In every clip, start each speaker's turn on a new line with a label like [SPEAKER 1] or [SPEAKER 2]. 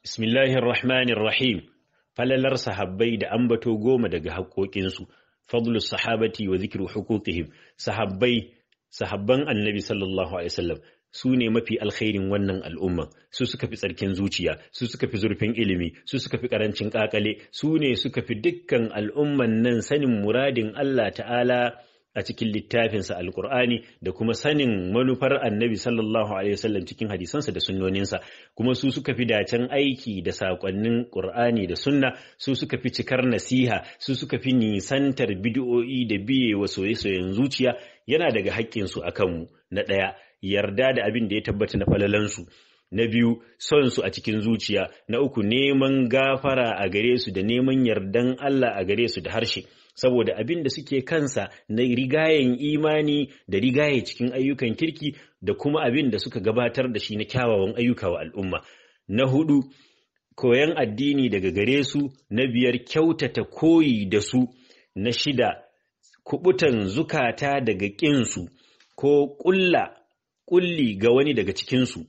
[SPEAKER 1] Bismillahir Rahmanir Rahim. Falalar sahabbai da ambato goma daga haƙoƙinsu. Fadlus sahabati wa zikru huquqihim. Sahabbai sahabban Annabi sallallahu alaihi wasallam su ne mafi alkhairin wannan al'umma su suka fi tsarkin zuciya su suka fi zurfin ilimi su suka fi karancin kakale su ne suka fi dukkan al'umman nan sanin muradin Allah ta'ala a cikin littafinsa alkur'ani da kuma sanin manufar annabi sallallahu alaihi wasallam cikin hadisansa da sunnoninsa kuma su suka fi dacen aiki da sakonnin qur'ani da sunna su suka fi cikar nasiha su suka fi nisantar bid'o'i da biye wa soyayya zuciya yana daga haƙƙinsu a kanmu na ɗaya yarda da abin da ya tabbata na falalansu na biyu son su a cikin zuciya na uku neman gafara a gare su da neman yardan Allah a gare su da harshe saboda abin da suke kansa na rigayen imani da rigaye cikin ayyukan kirki da kuma abin da suka gabatar da shi na kyawawan ayyuka wa al'umma na hudu koyan addini daga gare su na biyar kyautata koyi da su na shida kubutan zukata daga ƙinsu ko ƙulla ƙulli ga wani daga cikinsu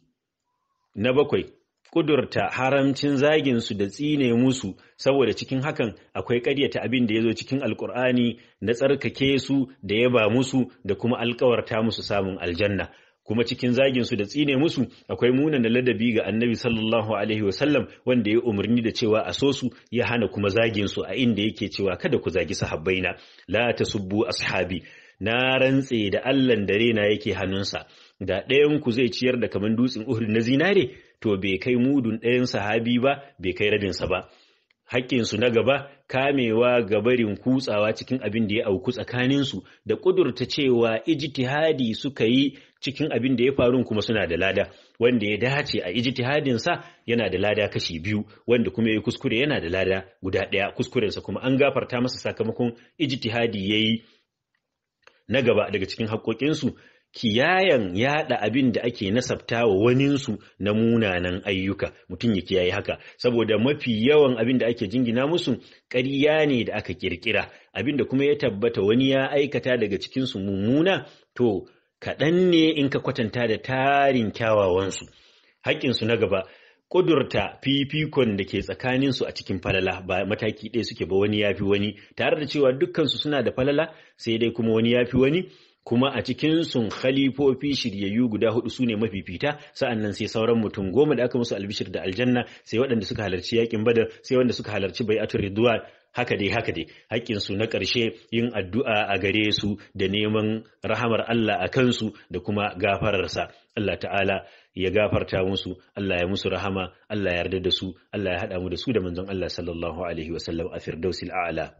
[SPEAKER 1] na bakwai ƙudurta haramcin zaginsu da tsine musu saboda cikin hakan akwai ƙaryata abin da ya zo cikin alkur'ani na tsarkake su da ya ba musu da kuma alkawarta musu samun aljanna kuma cikin zaginsu da tsine musu akwai munana ladabi ga annabi sallallahu alaihi wasallam wanda ya umarni da cewa a so su ya hana kuma zaginsu a inda yake cewa kada ku zagi sahabbaina la tasubbu ashabi na rantse da Allahn da rena yake hannunsa da ɗayanku zai ciyar da kaman dutsen Uhud na zinare to bai kai mudun ɗayan sahabi ba bai kai rabinsa ba Hakkinsu na gaba kamewa ga barin kutsawa cikin abin da ya auku tsakaninsu da ƙudurta cewa ijitihadi suka yi cikin abin da ya faru kuma suna da lada wanda ya dace a ijitihadinsa yana da lada kashi biyu wanda kuma ya yi kuskure yana da lada guda ɗaya kuskurensa kuma an gafarta masa sakamakon ijitihadi ya yi na gaba daga cikin haƙoƙinsu kiyayen yada abin da ake nasabta wa waninsu na munanan ayyuka mutum ya kiyaye haka saboda mafi yawan abin da ake jingina musu ƙarya ne da aka ƙirƙira. abin da kuma ya tabbata wani ya aikata daga cikinsu mummuna to kaɗan ne in ka kwatanta da tarin kyawawansu haƙƙinsu na gaba kudurta fifikon da ke tsakanin su a cikin falala ba mataki ɗaya suke ba wani yafi wani tare da cewa dukkansu suna da falala sai dai kuma wani yafi wani kuma a cikin sun khalifofi shiryayyu guda hudu su ne mafifita nan sai sauran mutum goma da aka musu albishir da aljanna sai waɗanda suka halarci yakin badar sai wanda suka halarci bai'atul ridwan haka dai haka dai haƙƙinsu na ƙarshe yin addu'a a gare su da neman rahamar Allah a kansu da kuma gafararsa Allah ta'ala ya gafarta musu Allah ya musu rahama Allah ya yarda da su Allah ya haɗa mu da su da manzon Allah sallallahu alaihi wasallam a firdausil a'la